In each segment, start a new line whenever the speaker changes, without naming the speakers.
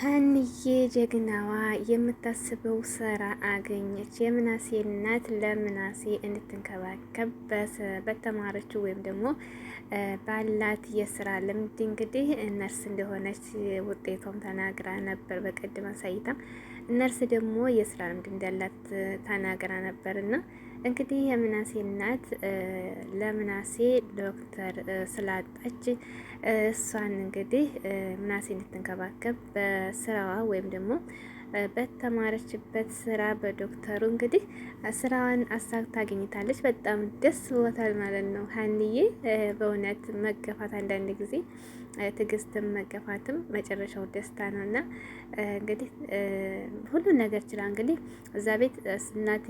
ሀንዬ ጀግናዋ የምታስበው ስራ አገኘች። የምናሴ እናት ለምናሴ እንድትንከባከብ በተማረችው ወይም ደግሞ ባላት የስራ ልምድ እንግዲህ ነርስ እንደሆነች ውጤቷም ተናግራ ነበር። በቀደም አሳይታ ነርስ ደግሞ የስራ ልምድ እንዳላት ተናግራ ነበር እና እንግዲህ የምናሴ እናት ለምናሴ ዶክተር ስላጣች እሷን እንግዲህ ምናሴ እንድትንከባከብ በስራዋ ወይም ደግሞ በተማረችበት ስራ በዶክተሩ እንግዲህ ስራዋን አሳክታ አግኝታለች። በጣም ደስ ብሎታል ማለት ነው። ሀንዬ በእውነት መገፋት አንዳንድ ጊዜ ትዕግስትም መገፋትም መጨረሻው ደስታ ነው እና እንግዲህ ሁሉን ነገር ችላ እንግዲህ እዛ ቤት እናት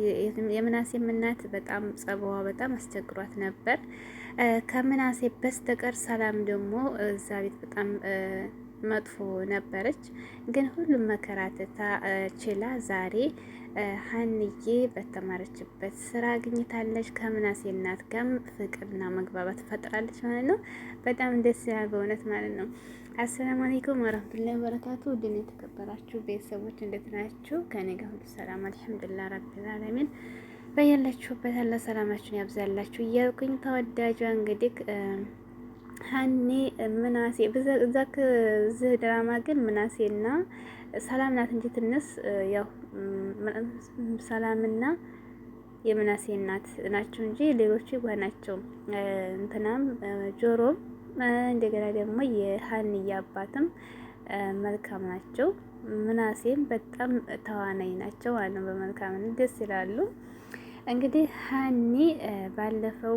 የምናሴም እናት በጣም ጸባዋ በጣም አስቸግሯት ነበር። ከምናሴ በስተቀር ሰላም ደግሞ እዛ ቤት በጣም መጥፎ ነበረች። ግን ሁሉም መከራተታ ችላ ዛሬ ሀንዬ በተማረችበት ስራ አግኝታለች። ከምናሴ እናት ጋርም ፍቅርና መግባባት ፈጥራለች ማለት ነው። በጣም ደስ ያለ በእውነት ማለት ነው። አሰላሙ አለይኩም ወረህመቱላሂ ወበረካቱ። ውድን የተከበራችሁ ቤተሰቦች እንዴት ናችሁ? ከኔ ጋር ሁሉ ሰላም አልሐምዱሊላህ ረቢል አለሚን። በያላችሁበት አላህ ሰላማችሁን ያብዛላችሁ እያልኩኝ ተወዳጇ እንግዲህ ሀኔ ምናሴ በዛክ ዝህ ድራማ ግን ምናሴ ምናሴና ሰላም ናት እንጂ ትንስ ያው ሰላምና የምናሴ እናት ናቸው እንጂ ሌሎቹ ናቸው። እንትናም ጆሮም እንደገና ደግሞ የሀንዬ አባትም መልካም ናቸው። ምናሴም በጣም ተዋናይ ናቸው አለ በመልካም ደስ ይላሉ። እንግዲህ ሀኒ ባለፈው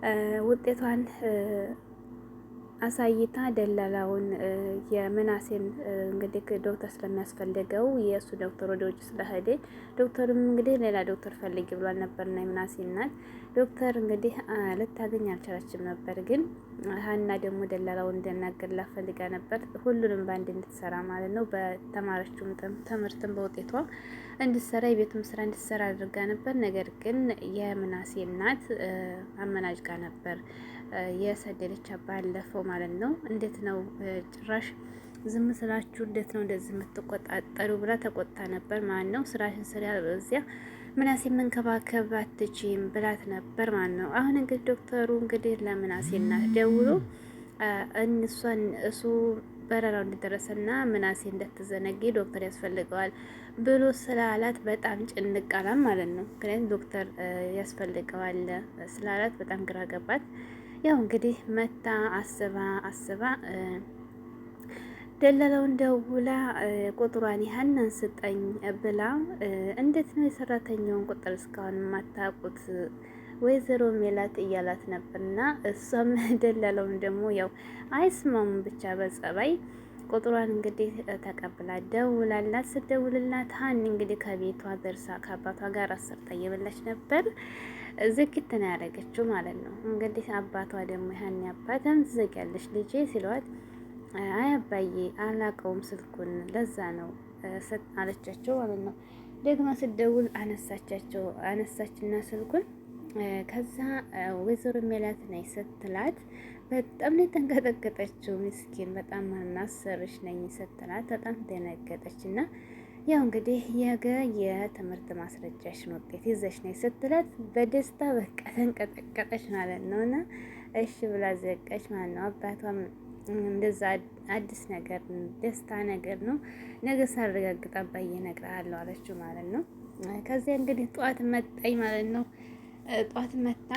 呃，我的团是。አሳይታ ደላላውን የምናሴን እንግዲህ ዶክተር ስለሚያስፈልገው የእሱ ዶክተር ወደ ውጭ ስለሄደ ዶክተርም እንግዲህ ሌላ ዶክተር ፈልጊ ብሏል ነበርና የምናሴ እናት ዶክተር እንግዲህ ልታገኝ አልቻለችም ነበር። ግን ሀና ደግሞ ደላላውን እንደናገር ላፈልጋ ነበር ሁሉንም በአንድ እንድትሰራ ማለት ነው። በተማረችውም ትምህርትም በውጤቷ እንድትሰራ የቤቱም ስራ እንድትሰራ አድርጋ ነበር። ነገር ግን የምናሴ እናት አመናጭቃ ነበር። የሰደደች ባለፈው ማለት ነው። እንዴት ነው ጭራሽ ዝም ስላችሁ እንዴት ነው እንደዚህ የምትቆጣጠሩ ብላ ተቆጣ ነበር ማለት ነው። ስራሽን ስሪያ እዚያ ምናሴ መንከባከብ አትችም ብላት ነበር ማለት ነው። አሁን እንግዲህ ዶክተሩ እንግዲህ ለምናሴና ደውሎ እንሷን እሱ በረራው እንደደረሰና ምናሴ እንደተዘነጌ ዶክተር ያስፈልገዋል ብሎ ስላላት በጣም ጭንቅ አላት ማለት ነው። ምክንያቱም ዶክተር ያስፈልገዋል ስላላት በጣም ግራ ገባት። ያው እንግዲህ መታ አስባ አስባ ደለለውን ደውላ ቁጥሯን ያህንን ስጠኝ ብላ እንዴት ነው የሰራተኛውን ቁጥር እስካሁን የማታውቁት ወይዘሮ ሜላት እያላት ነበርና እሷም ደለለውም ደግሞ ያው አይስማሙም ብቻ በጸባይ ቁጥሯን እንግዲህ ተቀብላ ደውላላት። ስደውልላት ሀኒ እንግዲህ ከቤቷ ደርሳ ከአባቷ ጋር አሰርታ እየበላች ነበር። ዝግት ነው ያደረገችው ማለት ነው። እንግዲህ አባቷ ደግሞ ሀኒ አባትም ትዘጊያለሽ ልጄ ሲሏት፣ አይ አባዬ አላቀውም ስልኩን ለዛ ነው አለቻቸው ማለት ነው። ደግሞ ስደውል አነሳቻቸው አነሳችና ስልኩን ከዛ ወይዘሮ ሜላት ነይ ስትላት በጣም ነው የተንቀጠቀጠችው። ምስኪን በጣም ማናሰርሽ ነኝ ስትላት በጣም ደነገጠች እና ያው እንግዲህ የገ የትምህርት ማስረጃሽን ውጤት ይዘሽ ነኝ ስትላት በደስታ በቃ ተንቀጠቀጠች ማለት ነው እና እሺ ብላ ዘቀች ማለት ነው። አባቷም እንደዛ አዲስ ነገር ደስታ ነገር ነው ነገ ሳረጋግጥ አባዬ እነግርሃለሁ አለችው ማለት ነው። ከዚያ እንግዲህ ጠዋት መጣኝ ማለት ነው። ጠዋት መጣ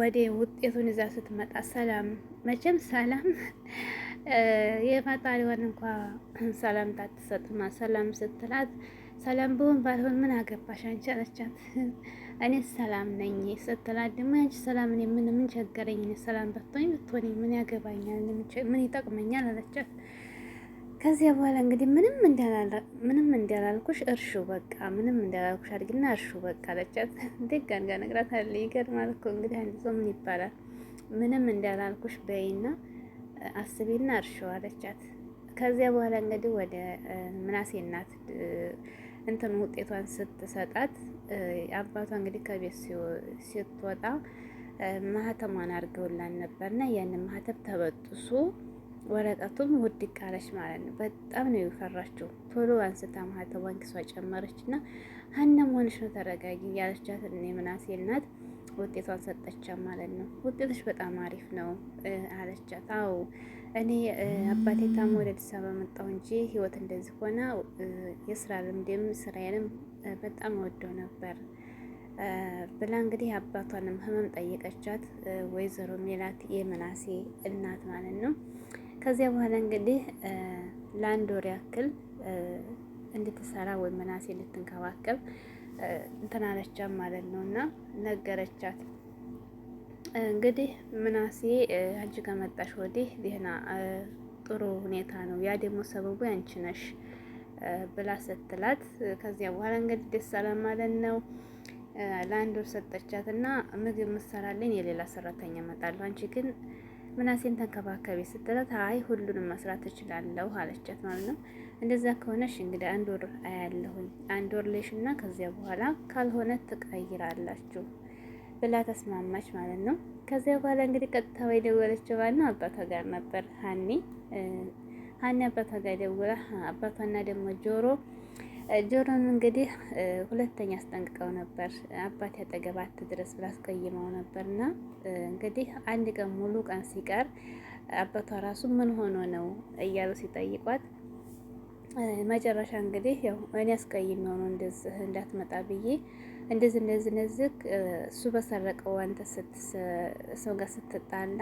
ወደ ውጤቱን ይዛ ስትመጣ ሰላም መቼም ሰላም የፈጣሪዋን እንኳ ሰላምታ አትሰጥማ። ሰላም ስትላት ሰላም ብሆን ባልሆን ምን አገባሽ አንቺ አለቻት። እኔ ሰላም ነኝ ስትላት ደግሞ አንቺ ሰላም እኔ ምን ምን ቸገረኝ፣ ሰላም በቶኝ ብትሆኝ ምን ያገባኛል፣ ምን ይጠቅመኛል አለቻት። ከዚያ በኋላ እንግዲህ ምንም እንዳላልኩሽ እርሹ በቃ ምንም እንዳላልኩሽ አድርጊና እርሹ በቃ አለቻት። ደግ ጋር ነግራት አለ። ይገርማል እኮ እንግዲህ አንድ ሰው ምን ይባላል? ምንም እንዳላልኩሽ በይና አስቢና እርሹ አለቻት። ከዚያ በኋላ እንግዲህ ወደ ምናሴ እናት እንትን ውጤቷን ስትሰጣት አባቷ እንግዲህ ከቤት ስትወጣ ማህተሟን አድርገውላን ነበርና ያንን ማህተብ ተበጥሶ ወረቀቱም ውድቅ አለች ማለት ነው። በጣም ነው የፈራችው። ቶሎ አንስታ ማህተቧን ኪሷ ጨመረች እና ሀናም ሆነሽ ነው ተረጋጊ ያለቻት የምናሴ እናት ውጤቷን ሰጠቻት ማለት ነው። ውጤቶች በጣም አሪፍ ነው አለቻት። አዎ እኔ አባቴ ታሞ ወደ አዲስ አበባ መጣሁ እንጂ ህይወት እንደዚህ ሆነ የስራ ልምዴም ስራዬንም በጣም ወደው ነበር ብላ እንግዲህ አባቷንም ህመም ጠየቀቻት። ወይዘሮ ሜላት የምናሴ እናት ማለት ነው። ከዚያ በኋላ እንግዲህ ለአንድ ወር ያክል እንድትሰራ ወይ ምናሴ እንድትንከባከብ እንትን አለቻት ማለት ነው እና ነገረቻት። እንግዲህ ምናሴ አንቺ ከመጣሽ ወዲህ ደህና ጥሩ ሁኔታ ነው፣ ያ ደግሞ ሰበቡ ያንቺ ነሽ ብላ ስትላት፣ ከዚያ በኋላ እንግዲህ ደስ አላት ማለት ነው። ለአንድ ወር ሰጠቻት እና ምግብ ምሰራለኝ የሌላ ሰራተኛ እመጣለሁ አንቺ ግን ምናሴን ተንከባከቢ ስትላት አይ ሁሉንም መስራት እችላለሁ አለቻት ማለት ነው። እንደዛ ከሆነሽ እንግዲህ አንድ ወር አያለሁኝ አንድ ወር ልሽ እና ከዚያ በኋላ ካልሆነ ትቀይራላችሁ ብላ ተስማማች ማለት ነው። ከዚያ በኋላ እንግዲህ ቀጥታ ወይ ደወለችው ባልና አባቷ ጋር ነበር ሀኒ ሀኒ አባቷ ጋር ደወላ አባቷና ደግሞ ጆሮ ጆሮን እንግዲህ ሁለተኛ አስጠንቅቀው ነበር። አባቴ ያጠገብ አትድረስ ብላ አስቀይመው ነበርና እንግዲህ አንድ ቀን ሙሉ ቀን ሲቀር አባቷ ራሱ ምን ሆኖ ነው እያሉ ሲጠይቋት መጨረሻ እንግዲህ ያው እኔ አስቀይሜው ነው እንደዚህ እንዳትመጣ ብዬ እንደዚህ እንደዚህ እንደዚህ እሱ በሰረቀው አንተ ሰው ጋር ስትጣላ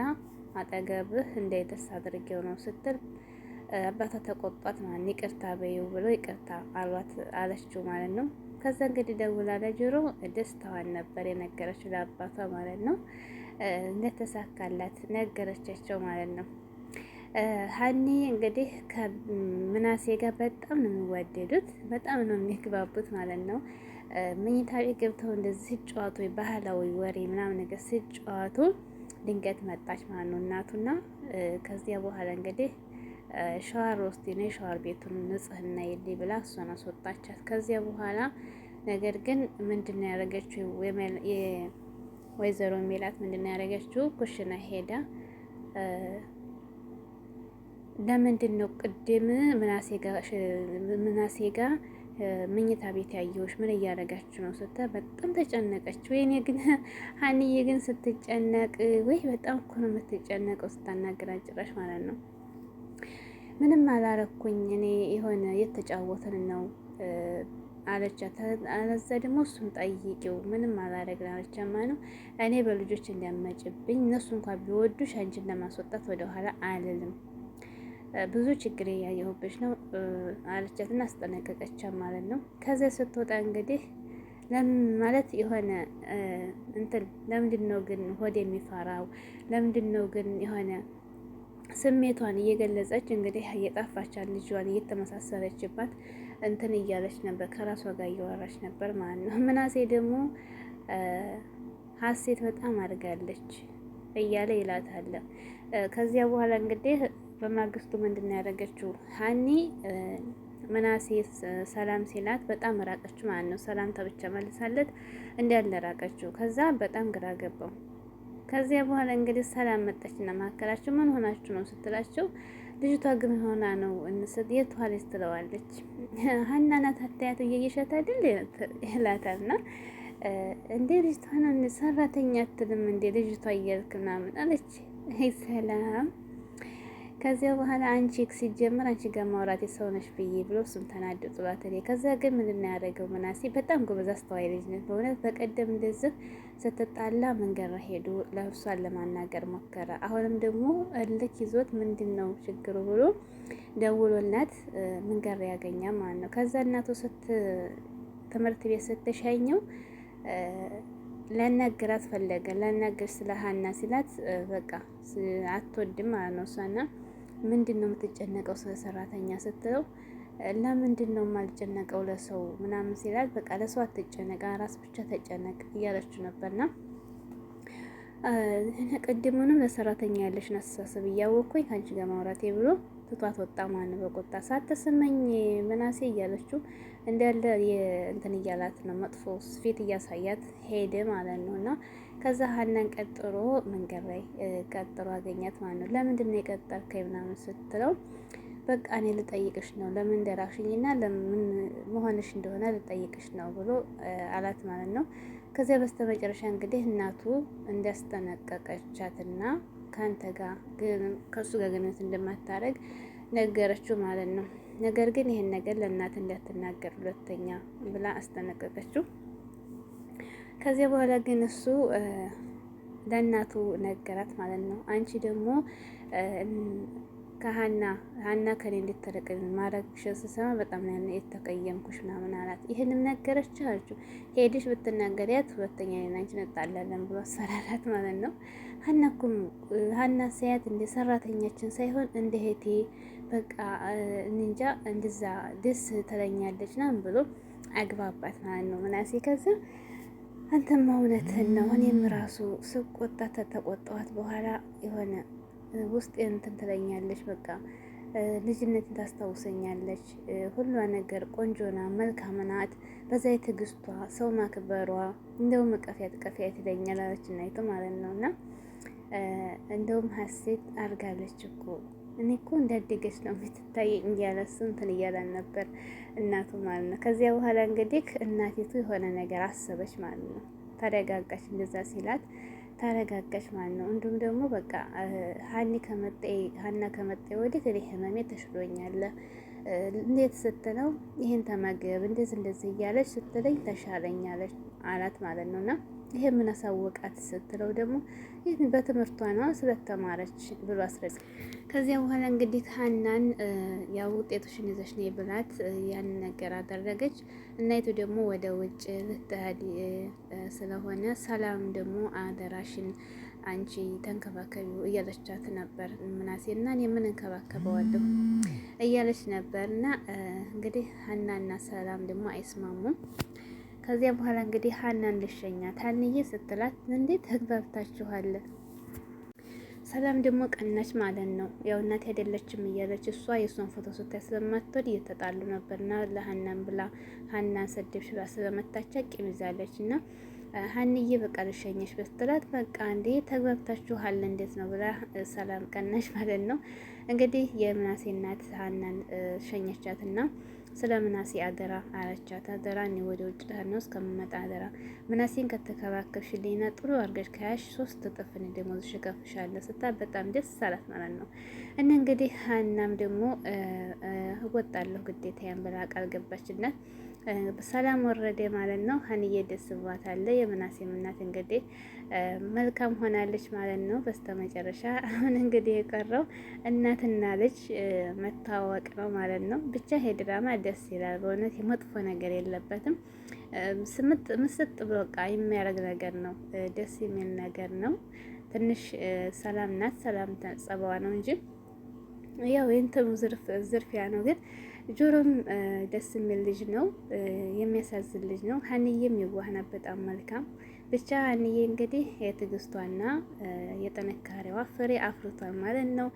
አጠገብህ እንዳይደርስ አድርጌው ነው ስትል አባቷ ተቆጧት ማለት ይቅርታ በይው ብሎ ይቅርታ አሏት አለችው ማለት ነው። ከዛ እንግዲህ ደውላ ለጆሮ ደስታዋን ነበር የነገረችው ለአባቷ ማለት ነው። እንደተሳካላት ነገረቻቸው ማለት ነው። ሀኒ እንግዲህ ከምናሴ ጋር በጣም ነው የሚዋደዱት፣ በጣም ነው የሚግባቡት ማለት ነው። መኝታ ቤት ገብተው እንደዚህ ሲጫወቱ ባህላዊ ወሬ ምናምን ነገር ሲጫወቱ ድንገት መጣች ማለት ነው እናቱና ከዚያ በኋላ እንግዲህ ሸዋር ወስቲ ነው የሸዋር ቤቱን ንጽህና የለኝ ብላ እሷን አስወጣቻት። ከዚያ በኋላ ነገር ግን ምንድነው ያደረገችው? ወይዘሮ ሜላት ምንድነው ያደረገችው? ኩሽና ሄዳ ለምንድን ነው ቅድም ምናሴ ጋ ምኝታ ቤት ያየሁሽ ምን እያደረጋችሁ ነው ስተ በጣም ተጨነቀች። ወይኔ ግን ሀኒዬ ግን ስትጨነቅ ወይ በጣም እኮ ነው የምትጨነቀው ስታናገራ ጭራሽ ማለት ነው ምንም አላረኩኝ እኔ የሆነ የተጫወትን ነው አለቻት። አለዛ ደግሞ እሱን ጠይቂው ምንም አላረግን አለቻማ ነው እኔ በልጆች እንዲያመጭብኝ እነሱ እንኳ ቢወዱሽ አንቺን ለማስወጣት ወደኋላ አልልም። ብዙ ችግር እያየሁብሽ ነው አለቻትና አስጠነቀቀቻ ማለት ነው። ከዚያ ስትወጣ እንግዲህ ማለት የሆነ እንትን ለምንድን ነው ግን ሆድ የሚፈራው? ለምንድን ነው ግን የሆነ ስሜቷን እየገለጸች እንግዲህ እየጠፋቻት ልጇን እየተመሳሰለችባት እንትን እያለች ነበር፣ ከራሷ ጋር እያወራች ነበር ማለት ነው። ምናሴ ደግሞ ሀሴት በጣም አድርጋለች እያለ ይላታለ። ከዚያ በኋላ እንግዲህ በማግስቱ ምንድን ነው ያደረገችው? ሀኒ ምናሴ ሰላም ሲላት በጣም ራቀችው ማለት ነው። ሰላምታ ብቻ መልሳለት እንዳለ ራቀችው። ከዛ በጣም ግራ ገባው። ከዚያ በኋላ እንግዲህ ሰላም መጣችና መካከላቸው ምን ሆናችሁ ነው ስትላቸው ልጅቷ ግን ሆና ነው እንስት የቷልስ ትለዋለች። ሀና ናት አታያት እየየሸት አይደል ይላታል። እና እንዴ ልጅቷ ሰራተኛ አትልም እንዴ ልጅቷ እያልክ ምናምን አለች። ሰላም ከዚያ በኋላ አንቺ ሲጀምር አንቺ ጋር ማውራት የሰውነሽ ብዬ ብሎ እሱም ተናዶ ጥሏት ከዚያ ግን ምንድን ነው ያደረገው ምናሴ በጣም ጎበዝ አስተዋይ ልጅ ነው በእውነት በቀደም እንደዚህ ስትጣላ መንገድ ላይ ሄዱ። ለእሷን ለማናገር ሞከረ። አሁንም ደግሞ እልክ ይዞት ምንድን ነው ችግሩ ብሎ ደውሎላት መንገድ ያገኛ ማለት ነው። ከዛ እናቱ ስት ትምህርት ቤት ስትሸኘው ለነግር አስፈለገ ላናግር ስለ ሀና ሲላት በቃ አትወድም ማለት ነው እሷና ምንድን ነው የምትጨነቀው ስለ ሰራተኛ ስትለው ለምንድን ነው የማልጨነቀው ለሰው ምናምን ሲላል፣ በቃ ለሰው አትጨነቅ ራስ ብቻ ተጨነቅ እያለችው ነበርና ቅድሙንም ለሰራተኛ ያለሽን አስተሳሰብ እያወቅኩኝ ከአንቺ ጋር ማውራቴ ብሎ ትቷት ወጣ። ማን በቆጣ ሳትሰመኝ ምናሴ እያለችው እንዳለ እንትን እያላት ነው፣ መጥፎ ስፌት እያሳያት ሄደ ማለት ነው። እና ከዛ ሀናን ቀጥሮ መንገድ ላይ ቀጥሮ አገኛት ማለት ነው። ለምንድን ነው የቀጠርከኝ ምናምን ስትለው በቃ እኔ ልጠይቅሽ ነው ለምን እንደራሽኝ እና ለምን መሆንሽ እንደሆነ ልጠይቅሽ ነው ብሎ አላት ማለት ነው። ከዚያ በስተመጨረሻ እንግዲህ እናቱ እንዳስጠነቀቀቻትና ከአንተ ጋር ከእሱ ጋር ግንኙነት እንደማታደርግ ነገረችው ማለት ነው። ነገር ግን ይህን ነገር ለእናት እንዳትናገር ሁለተኛ ብላ አስጠነቀቀችው። ከዚያ በኋላ ግን እሱ ለእናቱ ነገራት ማለት ነው። አንቺ ደግሞ ከሀና ሀና ከኔ እንድትርቅ ማድረግሽን ስሰማ በጣም ነው የተቀየምኩሽ ምናምን አላት። ይህንም ነገረችህ አለችው። ሄድሽ ብትናገሪያት ሁለተኛ እኔና አንቺ እንጣላለን ብሎ አስፈራራት ማለት ነው። ሀናኩም ሀና ሳያት እንደ ሰራተኛችን ሳይሆን እንደ እህቴ በቃ እንጃ እንደዛ ደስ ትለኛለች ናም ብሎ አግባባት ማለት ነው ምናሴ ከዛ አንተማ እውነትህን ነው እኔም ራሱ ስቆጣ ተቆጣኋት በኋላ የሆነ ውስጥ እንትን ትለኛለች። በቃ ልጅነት ታስታውሰኛለች። ሁሏ ነገር ቆንጆና መልካም ናት። በዛ የትዕግስቷ ሰው ማክበሯ እንደውም መቀፊያ ጥቀፊያ ይለኛል አለች እናይቶ ማለት ነው። እና እንደውም ሀሴት አድርጋለች እኮ እኔ እኮ እንዳደገች ነው የምትታየ እያለ እሱ እንትን እያለን ነበር እናቱ ማለት ነው። ከዚያ በኋላ እንግዲህ እናቲቱ የሆነ ነገር አሰበች ማለት ነው። ተረጋጋች እንደዛ ሲላት ታረጋጋች ማለት ነው። እንዲሁም ደግሞ በቃ ሀኒ ከመጣ ሀና ከመጣ ወዲህ እኔ ህመሜ ተሽሎኛል። እንዴት ስትለው ይህን ተመገብ እንደዚህ እንደዚህ እያለች ስትለኝ ተሻለኛለች አላት ማለት ነው እና ይሄ ምን አሳወቃት ስትለው ደግሞ ይህን በትምህርቷ ነው ስለተማረች ብሎ አስረጽ። ከዚያ በኋላ እንግዲህ ሀናን ያው ውጤቶችን ይዘሽ ነይ ብላት ያን ነገር አደረገች። እናይቱ ደግሞ ወደ ውጭ ልትሄድ ስለሆነ ሰላም ደግሞ አደራሽን አንቺ ተንከባከቢው እያለቻት ነበር። ምናሴ እና እኔ ምን እንከባከበዋለሁ እያለች ነበር። እና እንግዲህ ሀናና ሰላም ደግሞ አይስማሙም። ከዚያ በኋላ እንግዲህ ሀናን ልሸኛት ሀንዬ ስትላት እንዴት ተግባብታችኋል ሰላም ደግሞ ቀናች ማለት ነው። ያው እናት አይደለችም እያለች እሷ የእሷን ፎቶ ስታይ ስለማትወድ እየተጣሉ ነበርና ለሀናን ብላ ሀናን ሰደብሽ ብላ ስለመታቻ ቂም ይዛለች እና ሀንዬ በቃ ልሸኘሽ በስትላት በቃ እንዴ ተግባብታችኋል እንዴት ነው ብላ ሰላም ቀናች ማለት ነው። እንግዲህ የምናሴ እናት ሀናን ሸኘቻትና ስለ ምናሴ አደራ አለቻት። አደራ እኔ ወደ ውጭ ጠህር ነው እስከምመጣ አደራ ምናሴን ከተከባከብሽልኝና ጥሩ አድርገሽ ከያሽ ሶስት እጥፍ እኔ ደሞዝሽ እከፍልሻለሁ ስታት በጣም ደስ አላት ማለት ነው። እና እንግዲህ ሀናም ደግሞ እወጣለሁ ግዴታ ያን ብላ ቃል ገባችና ሰላም ወረደ ማለት ነው። ሀንዬ ደስ ብሏታል። የምናሴም እናት እንግዲህ መልካም ሆናለች ማለት ነው። በስተመጨረሻ አሁን እንግዲህ የቀረው እናትና ልጅ መታወቅ ነው ማለት ነው። ብቻ ይሄ ድራማ ደስ ይላል በእውነት የመጥፎ ነገር የለበትም። ስምጥ ምስጥ ብሎ ቃ የሚያደርግ ነገር ነው። ደስ የሚል ነገር ነው። ትንሽ ሰላም ናት። ሰላም ጸባዋ ነው እንጂ ያው ይህንትኑ ዝርፊያ ነው ግን ጆሮም ደስ የሚል ልጅ ነው፣ የሚያሳዝን ልጅ ነው። ሀንዬም የዋህ ናት፣ በጣም መልካም። ብቻ ሀንዬ እንግዲህ የትዕግስቷና የጥንካሬዋ ፍሬ አፍርቷል ማለት ነው።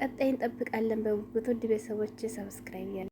ቀጣይ እንጠብቃለን በጉጉት ቤተሰቦች ሰብስክራይብ